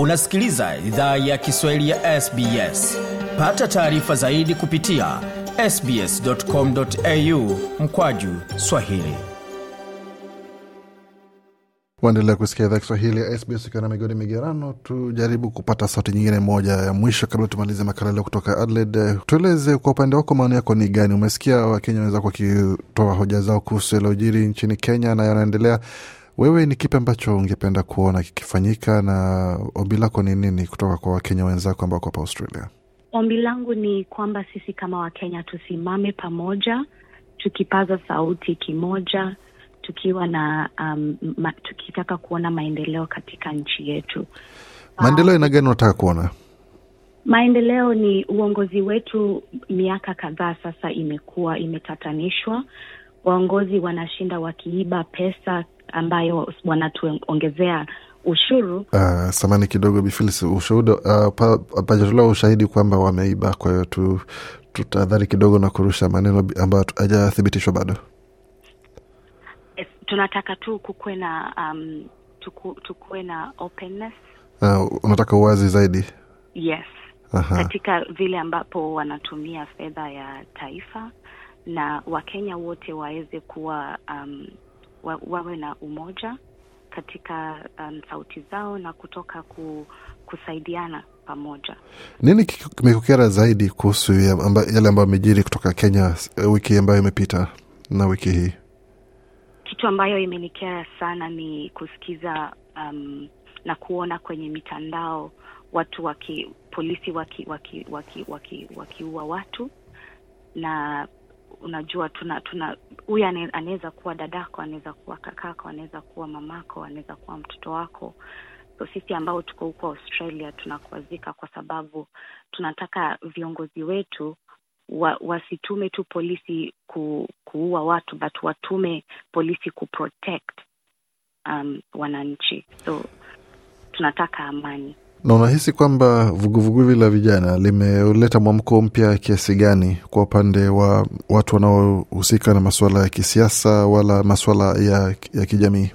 unasikiliza idhaa ya kiswahili ya sbs pata taarifa zaidi kupitia sbscomau mkwaju swahili waendelea kusikia idhaa kiswahili ya sbs ukiwa na migodi migerano tujaribu kupata sauti nyingine moja ya mwisho kabla tumalize makala leo kutoka adelaide tueleze kwa upande wako maoni yako ni gani umesikia wakenya wenzako wakitoa hoja zao kuhusu yaliojiri nchini kenya na yanaendelea wewe ni kipi ambacho ungependa kuona kikifanyika na ombi lako ni nini kutoka kwa Wakenya wenzako ambao hapa Australia? Ombi langu ni kwamba sisi kama Wakenya tusimame pamoja, tukipaza sauti kimoja, tukiwa na um, ma, tukitaka kuona maendeleo katika nchi yetu. Maendeleo ah, aina gani unataka kuona? Maendeleo ni uongozi wetu, miaka kadhaa sasa imekuwa imetatanishwa. Waongozi wanashinda wakiiba pesa ambayo wanatuongezea ushuru. Uh, samani kidogo Bifilis, ushuhuda uh, pajatolewa ushahidi kwamba wameiba, kwa hiyo tu, kidogo na kurusha maneno ambayo hajathibitishwa bado. tunataka tu kukuwe na um, tukuwe na openness. Uh, unataka uwazi zaidi? Yes. Aha. Katika vile ambapo wanatumia fedha ya taifa na Wakenya wote waweze kuwa um, wa, wawe na umoja katika um, sauti zao na kutoka ku, kusaidiana pamoja. Nini kimekukera zaidi kuhusu amba, yale ambayo amejiri kutoka Kenya eh, wiki ambayo imepita na wiki hii? Kitu ambayo imenikera sana ni kusikiza um, na kuona kwenye mitandao watu waki polisi wakiua waki, waki, waki, waki watu na unajua tuna tuna huyu anaweza kuwa dadako, anaweza kuwa kakako, anaweza kuwa mamako, anaweza kuwa mtoto wako. So sisi ambao tuko huko Australia tunakuazika kwa sababu tunataka viongozi wetu wa, wasitume tu polisi ku, kuua watu but watume polisi ku um, wananchi. So tunataka amani. Na unahisi kwamba vuguvugu hivi la vijana limeleta mwamko mpya kiasi gani kwa upande wa watu wanaohusika na masuala ya kisiasa wala masuala ya, ya kijamii?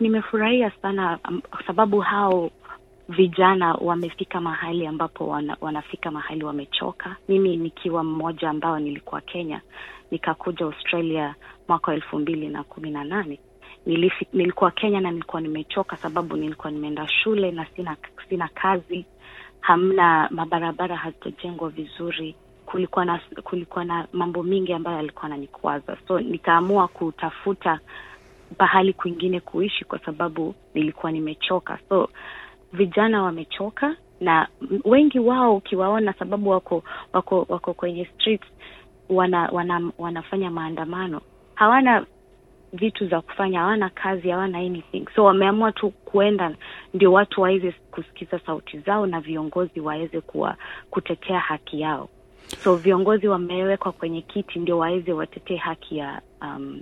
Nimefurahia sana um, kwa sababu hao vijana wamefika mahali ambapo wana, wanafika mahali wamechoka. Mimi nikiwa mmoja ambao nilikuwa Kenya nikakuja Australia mwaka wa elfu mbili na kumi na nane nilikuwa Kenya na nilikuwa nimechoka, sababu nilikuwa nimeenda shule na sina na kazi, hamna mabarabara, hazijajengwa vizuri. Kulikuwa na kulikuwa na mambo mingi ambayo yalikuwa nanikwaza, so nikaamua kutafuta pahali kwingine kuishi kwa sababu nilikuwa nimechoka. So vijana wamechoka, na wengi wao ukiwaona, sababu wako wako wako kwenye streets, wana, wana, wanafanya maandamano, hawana vitu za kufanya, hawana kazi, hawana anything, so wameamua tu kuenda ndio watu waweze kusikiza sauti zao na viongozi waweze kuwa kutetea haki yao. So viongozi wamewekwa kwenye kiti ndio waweze watetee haki ya um,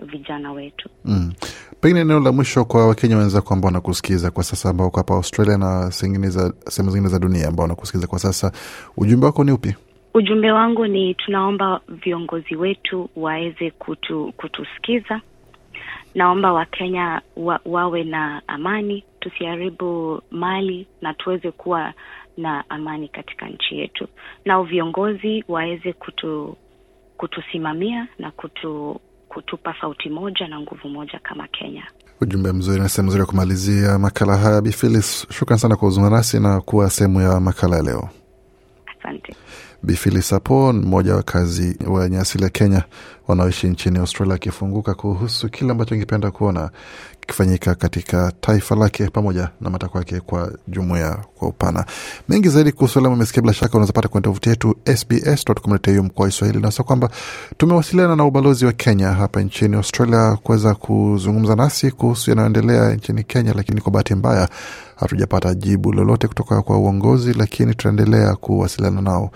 vijana wetu mm. Pengine eneo la mwisho kwa Wakenya wenzako ambao wanakusikiza kwa sasa, ambao hapa Australia na sehemu zingine za dunia ambao wanakusikiza kwa sasa, ujumbe wako ni upi? Ujumbe wangu ni tunaomba viongozi wetu waweze kutu, kutusikiza. Naomba Wakenya wa, wawe na amani, tusiharibu mali na tuweze kuwa na amani katika nchi yetu, nao viongozi waweze kutu, kutusimamia na kutu, kutupa sauti moja na nguvu moja kama Kenya. Ujumbe mzuri na sehemu mzuri ya kumalizia makala haya. Bi Phyllis, shukran sana kwa kuzungumza nasi na kuwa sehemu ya makala ya leo. Asante. Bifili Sapo, mmoja wa kazi wenye asili ya Kenya wanaoishi nchini Australia, akifunguka kuhusu kile ambacho angependa kuona kifanyika katika taifa lake pamoja na matakwa yake kwa jumuiya kwa upana. Mengi zaidi kuhusu alama umesikia, bila shaka unaweza pata kwenye tovuti yetu sbs.com.au mkoa Kiswahili, na sasa kwamba tumewasiliana na ubalozi wa Kenya hapa nchini Australia kuweza kuzungumza nasi kuhusu yanayoendelea nchini Kenya, lakini kwa bahati mbaya hatujapata jibu lolote kutoka kwa uongozi, lakini tunaendelea kuwasiliana nao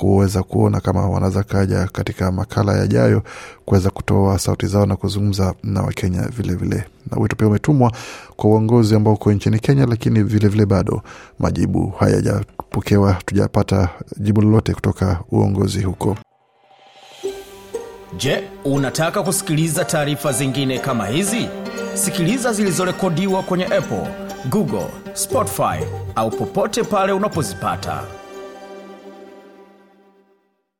kuweza kuona kama wanaweza kaja katika makala yajayo kuweza kutoa sauti zao na kuzungumza na Wakenya vilevile. Na wito pia umetumwa kwa uongozi ambao uko nchini Kenya, lakini vilevile vile bado majibu hayajapokewa, tujapata jibu lolote kutoka uongozi huko. Je, unataka kusikiliza taarifa zingine kama hizi? Sikiliza zilizorekodiwa kwenye Apple, Google, Spotify au popote pale unapozipata.